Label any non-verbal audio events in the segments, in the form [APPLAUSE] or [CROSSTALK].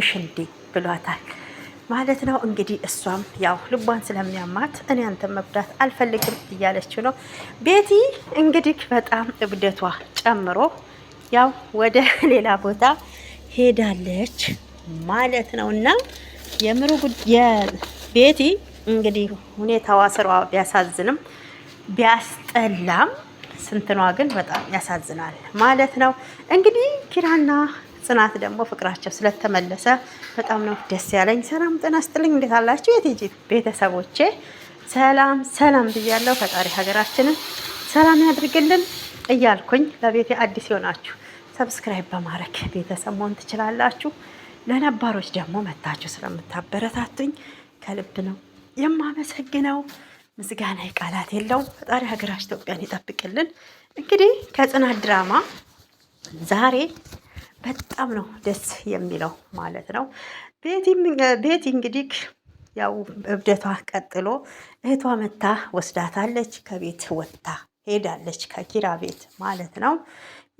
እሽ እንዴ ብሏታል ማለት ነው እንግዲህ እሷም ያው ልቧን ስለሚያማት እኔ አንተን መጉዳት አልፈልግም እያለችው ነው። ቤቲ እንግዲህ በጣም እብደቷ ጨምሮ ያው ወደ ሌላ ቦታ ሄዳለች ማለት ነው እና የምሩ ቤቲ እንግዲህ ሁኔታዋ ስሯ ቢያሳዝንም ቢያስጠላም ስንትኗ ግን በጣም ያሳዝናል ማለት ነው እንግዲህ ኪራና ጽናት ደግሞ ፍቅራቸው ስለተመለሰ በጣም ነው ደስ ያለኝ። ሰላም ጤና ይስጥልኝ። እንዴት አላችሁ የቲጂ ቤተሰቦቼ? ሰላም ሰላም ብያለሁ። ፈጣሪ ሀገራችንን ሰላም ያድርግልን እያልኩኝ ለቤቴ አዲስ የሆናችሁ ሰብስክራይብ በማድረግ ቤተሰብ መሆን ትችላላችሁ። ለነባሮች ደግሞ መታችሁ ስለምታበረታቱኝ ከልብ ነው የማመሰግነው። ምስጋና ቃላት የለውም። ፈጣሪ ሀገራችን ኢትዮጵያን ይጠብቅልን። እንግዲህ ከጽናት ድራማ ዛሬ በጣም ነው ደስ የሚለው ማለት ነው። ቤቲ እንግዲህ ያው እብደቷ ቀጥሎ እህቷ መታ ወስዳታለች። ከቤት ወጥታ ሄዳለች፣ ከኪራ ቤት ማለት ነው።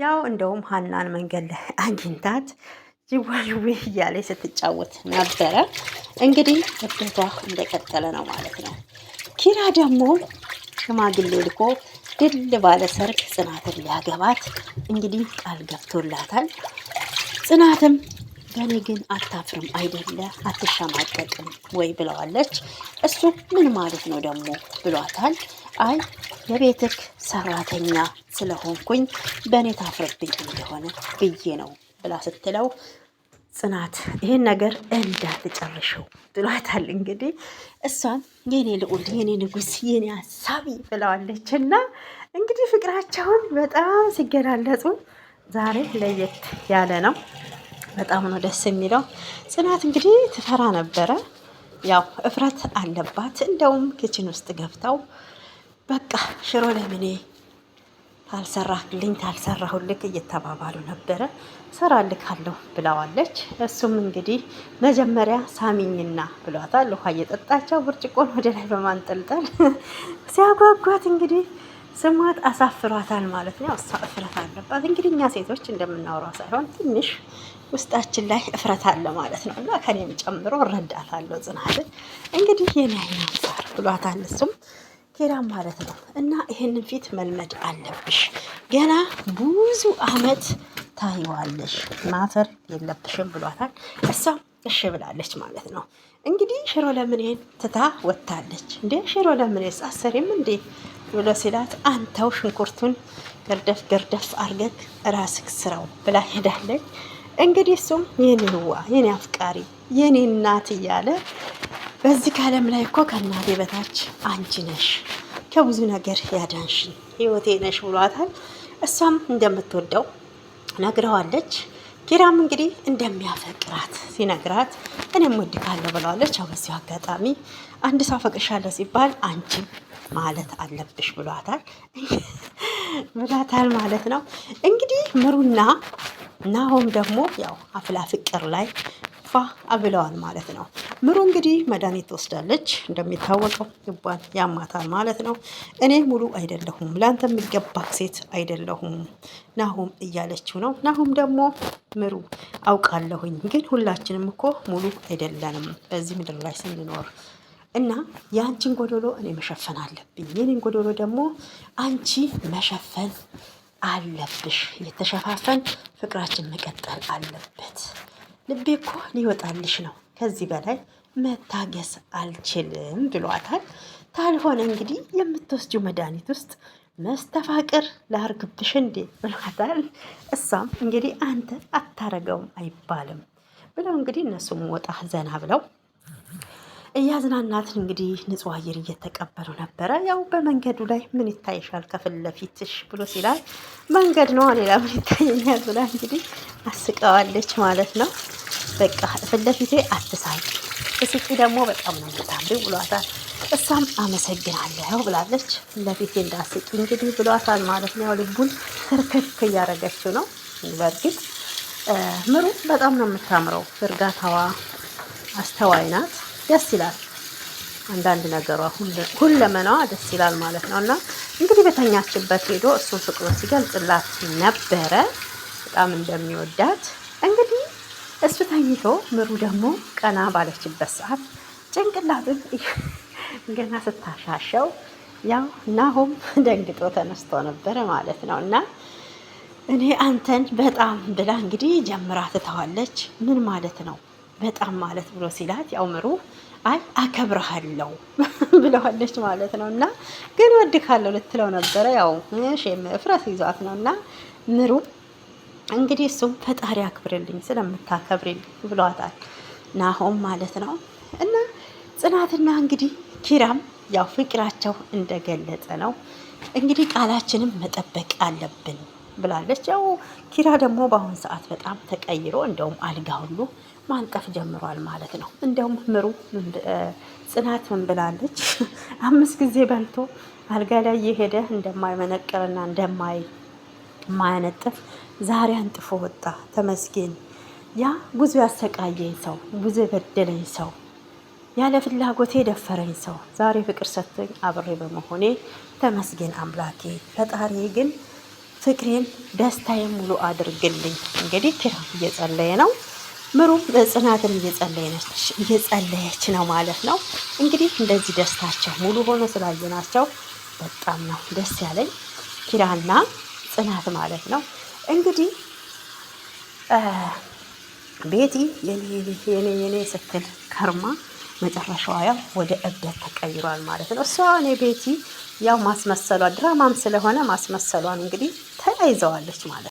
ያው እንደውም ሀናን መንገድ ላይ አግኝታት ጅዋዥዌ እያለች ስትጫወት ነበረ። እንግዲህ እብደቷ እንደቀጠለ ነው ማለት ነው። ኪራ ደግሞ ሽማግሌ ልኮ ድል ባለ ሰርግ ጽናትን ሊያገባት እንግዲህ ቃል ገብቶላታል። ጽናትም በእኔ ግን አታፍርም አይደለ አትሸማቀቅም ወይ ብለዋለች። እሱ ምን ማለት ነው ደግሞ ብሏታል። አይ የቤትክ ሰራተኛ ስለሆንኩኝ በእኔ ታፍርብኝ እንደሆነ ብዬ ነው ብላ ስትለው ጽናት ይህን ነገር እንዳትጨርሽው ብሏታል። እንግዲህ እሷም የኔ ልዑል፣ የኔ ንጉስ የኔ አሳቢ ብለዋለች እና እንግዲህ ፍቅራቸውን በጣም ሲገላለጹ ዛሬ ለየት ያለ ነው። በጣም ነው ደስ የሚለው። ጽናት እንግዲህ ትፈራ ነበረ። ያው እፍረት አለባት። እንደውም ኪችን ውስጥ ገብተው በቃ ሽሮ ለምኔ ታልሰራህልኝ ታልሰራሁልክ እየተባባሉ ነበረ። ሰራልካለሁ ብለዋለች። እሱም እንግዲህ መጀመሪያ ሳሚኝና ብሏታል። ውሃ እየጠጣቸው ብርጭቆን ወደ ላይ በማንጠልጠል ሲያጓጓት እንግዲህ ስሟት አሳፍሯታል ማለት ነው። እሷ እፍረት አለባት እንግዲህ እኛ ሴቶች እንደምናወራው ሳይሆን ትንሽ ውስጣችን ላይ እፍረት አለ ማለት ነው። እና ከኔም ጨምሮ እረዳታለሁ ጽናትን እንግዲህ የኔ አይን ብሏታል እሱም ኬዳም ማለት ነው። እና ይህንን ፊት መልመድ አለብሽ ገና ብዙ አመት ታይዋለሽ፣ ማፈር የለብሽም ብሏታል። እሷ እሺ ብላለች ማለት ነው። እንግዲህ ሽሮ ለምኔን ትታ ወጥታለች። እንዴ ሽሮ ለምኔ አሰሪም እንዴ ብሎ ሲላት አንተው ሽንኩርቱን ገርደፍ ገርደፍ አርገክ ራስክ ስራው ብላ ሄዳለች። እንግዲህ እሱም የኔ የኔ አፍቃሪ የኔ እናት እያለ በዚህ ከዓለም ላይ እኮ ከእናቴ በታች አንቺ ነሽ ከብዙ ነገር ያዳንሽን ህይወቴ ነሽ ብሏታል። እሷም እንደምትወደው ነግረዋለች። ኪራም እንግዲህ እንደሚያፈቅራት ሲነግራት እኔም ወድካለሁ ብለዋለች። አሁ በዚሁ አጋጣሚ አንድ ሰው አፈቅርሻለሁ ሲባል አንቺም ማለት አለብሽ ብሏታል [LAUGHS] ብሏታል ማለት ነው። እንግዲህ ምሩና ናሆም ደግሞ ያው አፍላ ፍቅር ላይ ፋ ብለዋል ማለት ነው። ምሩ እንግዲህ መድኃኒት ትወስዳለች እንደሚታወቀው ይባል ያማታል ማለት ነው። እኔ ሙሉ አይደለሁም፣ ለአንተ የሚገባ ሴት አይደለሁም ናሆም እያለችው ነው። ናሆም ደግሞ ምሩ አውቃለሁኝ፣ ግን ሁላችንም እኮ ሙሉ አይደለንም በዚህ ምድር ላይ ስንኖር እና የአንቺን ጎዶሎ እኔ መሸፈን አለብኝ፣ የኔን ጎዶሎ ደግሞ አንቺ መሸፈን አለብሽ። የተሸፋፈን ፍቅራችን መቀጠል አለበት። ልቤ እኮ ሊወጣልሽ ነው፣ ከዚህ በላይ መታገስ አልችልም ብሏታል። ታልሆነ እንግዲህ የምትወስጂው መድኃኒት ውስጥ መስተፋቅር ላርግብሽ እንዴ ብሏታል። እሷም እንግዲህ አንተ አታረገውም አይባልም ብለው እንግዲህ እነሱም ወጣ ዘና ብለው እያዝናናት እንግዲህ ንጹህ አየር እየተቀበሉ ነበረ። ያው በመንገዱ ላይ ምን ይታይሻል ከፊት ለፊትሽ ብሎ ሲላል መንገድ ነው ሌላ ምን ይታየኛል ብላ እንግዲህ አስቀዋለች ማለት ነው። በቃ ፊት ለፊቴ አትሳይ፣ እስቂ ደግሞ በጣም ነው የምታምሪው ብሏታል። እሷም አመሰግናለሁ ብላለች። ለፊቴ እንዳስቂ እንግዲህ ብሏታል ማለት ነው። ልቡን ትርክክ እያደረገችው ነው። በእርግጥ ምሩ በጣም ነው የምታምረው። እርጋታዋ አስተዋይ ናት። ደስ ይላል። አንዳንድ ነገሯ ሁለመናዋ ደስ ይላል ማለት ነው። እና እንግዲህ በተኛችበት ሄዶ እሱን ፍቅሩን ሲገልጽላት ነበረ በጣም እንደሚወዳት። እንግዲህ እሱ ተኝቶ ምሩ ደግሞ ቀና ባለችበት ሰዓት ጭንቅላቱን [LAUGHS] ገና ስታሻሸው ያው ናሆም ደንግጦ ተነስቶ ነበረ ማለት ነው እና እኔ አንተን በጣም ብላ እንግዲህ ጀምራ ትተዋለች። ምን ማለት ነው? በጣም ማለት ብሎ ሲላት ያው ምሩ አይ አከብረሃለው [LAUGHS] ብለዋለች ማለት ነው። እና ግን ወድካለሁ ልትለው ነበረ ያው ሼም እፍረት ይዟት ነው እና ምሩ እንግዲህ እሱም ፈጣሪ አክብርልኝ ስለምታከብርልኝ ብሏታል ናሆም ማለት ነው። እና ጽናትና እንግዲህ ኪራም ያው ፍቅራቸው እንደገለጸ ነው እንግዲህ ቃላችንም መጠበቅ አለብን ብላለች። ያው ኪራ ደግሞ በአሁኑ ሰዓት በጣም ተቀይሮ እንደውም አልጋ ሁሉ ማንጠፍ ጀምሯል ማለት ነው። እንዲያውም ምሩ ጽናት ምን ብላለች? [LAUGHS] አምስት ጊዜ በልቶ አልጋ ላይ የሄደ እንደማይመነቅርና እንደማያነጥፍ ዛሬ አንጥፎ ወጣ። ተመስገን። ያ ብዙ ያሰቃየኝ ሰው፣ ብዙ የበደለኝ ሰው፣ ያለ ፍላጎቴ የደፈረኝ ሰው ዛሬ ፍቅር ሰጥቶኝ አብሬ በመሆኔ ተመስገን አምላኬ። ፈጣሪ ግን ፍቅሬን ደስታዬን ሙሉ አድርግልኝ። እንግዲህ ኪራም እየጸለየ ነው። ምሩም ጽናትን እየጸለየች ነው ማለት ነው። እንግዲህ እንደዚህ ደስታቸው ሙሉ ሆኖ ስላየናቸው በጣም ነው ደስ ያለኝ ኪራና ጽናት ማለት ነው። እንግዲህ ቤቲ የኔ የኔ ስትል ከርማ መጨረሻዋ ያው ወደ እብደት ተቀይሯል ማለት ነው። እሷ እኔ ቤቲ ያው ማስመሰሏ ድራማም ስለሆነ ማስመሰሏን እንግዲህ ተያይዘዋለች ማለት ነው።